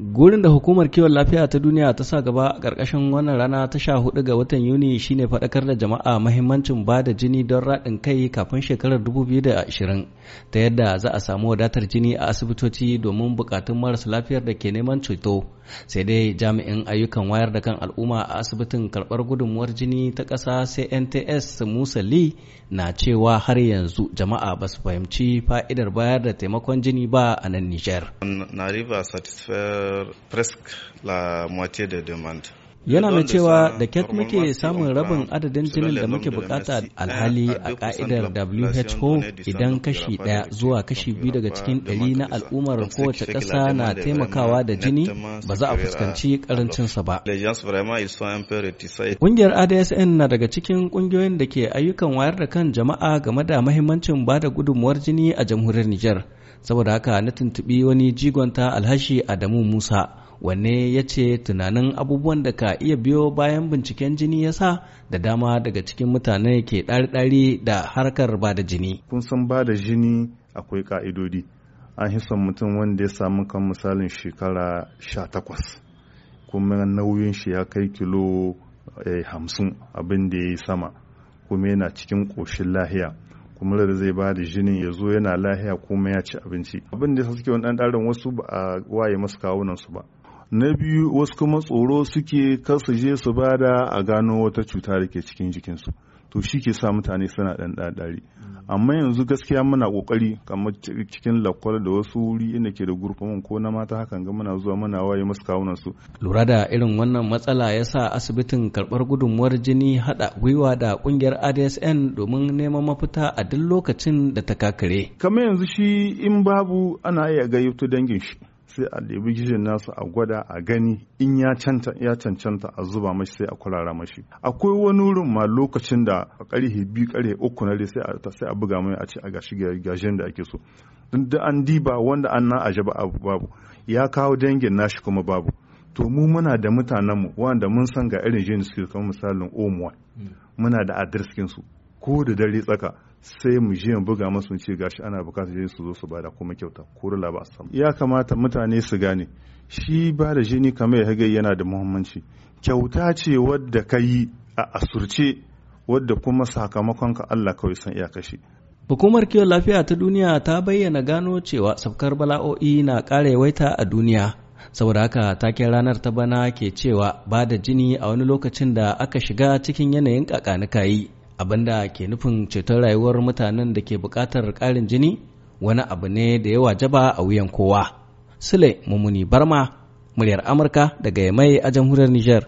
Gurin da hukumar kiwon lafiya ta duniya ta sa gaba a ƙarƙashin wannan rana ta sha hudu ga watan Yuni shine faɗakar da jama'a mahimmancin ba da jini don raɗin kai kafin shekarar 2020 ta yadda za a samu wadatar jini a asibitoci domin buƙatun marasa lafiyar da ke neman ceto. Sai dai jami'in ayyukan wayar da kan al'umma a asibitin karɓar gudunmuwar jini ta ƙasa CNTS Musa Lee na cewa har yanzu jama'a ba su fahimci fa'idar bayar da taimakon jini ba a nan Nijar. Euh, presque la moitié des demandes. yana mai cewa da ket muke samun rabin adadin jinin da muke bukata alhali a ka'idar who idan kashi ɗaya zuwa kashi biyu daga cikin ɗari na al'ummar kowace ƙasa na taimakawa da jini ba za a uh, fuskanci ƙarancinsa ba ƙungiyar adsn na daga cikin ƙungiyoyin da ke ayyukan wayar da kan jama'a game da mahimmancin ba da gudunmuwar jini a jamhuriyar nijar saboda haka na tuntuɓi wani jigonta alhashi adamu musa wanne ya ce tunanin abubuwan da ka iya biyo bayan binciken jini ya sa da dama daga cikin mutane ke ɗari-ɗari da harkar ba da jini. Kun san ba da jini akwai ka'idodi An hisan mutum wanda ya samu kan misalin shekara sha takwas kuma nauyin shi ya kai kilo eh, hamsin abin da ya yi sama kuma yana cikin ƙoshin lahiya kuma da zai ba da jinin ya zo yana lahiya kuma ya ci abinci abin da suke wani ɗan wasu ba a waye masu kawunan su ba na biyu wasu kuma tsoro suke kasu je su bada a gano wata cuta da ke cikin jikinsu to shi ke sa mutane suna ɗan ɗaɗari mm. amma yanzu gaskiya muna ƙoƙari kamar cikin lakwal da wasu wuri inda ke da gurfaman ko na mata hakan ga muna zuwa muna waye masu kawunan su. lura da irin wannan matsala ya sa asibitin karɓar gudunmuwar jini haɗa gwiwa da ƙungiyar adsn domin neman mafita a duk lokacin da ta kakare. kamar yanzu shi in babu ana iya gayyato dangin shi sai a ɗebi gijin nasu a gwada a gani in ya cancanta a zuba mashi sai a kulara mashi akwai wani wurin ma lokacin da a ƙarfe biyu ƙarfe uku na sai a buga mai a ce a gashi gajen da ake so da an diba wanda an na aje ba babu ya kawo dangin nashi kuma babu to mu muna da mutanenmu wanda mun san ga irin jini suke kamar misalin omuwa hmm. muna da adreskin ko da dare tsaka sai mu je mu buga masu ce gashi ana bukatar jini su zo su bada kuma kyauta ko da ba ya kamata mutane su gane shi ba da jini kamar ya yana da muhimmanci kyauta ce wadda ka yi a asurce wadda kuma sakamakon ka Allah kawai san iya shi Hukumar kiwon lafiya ta duniya ta bayyana gano cewa safkar bala'o'i na ƙara yawaita a duniya saboda haka taken ranar ta bana ke cewa ba da jini a wani lokacin da aka shiga cikin yanayin kakanikayi abinda ke nufin ceton rayuwar mutanen da ke bukatar ƙarin jini wani abu ne da ya wajaba a wuyan kowa. Sule Mumuni Barma, muryar Amurka daga Yamai a jamhuriyar Nijar.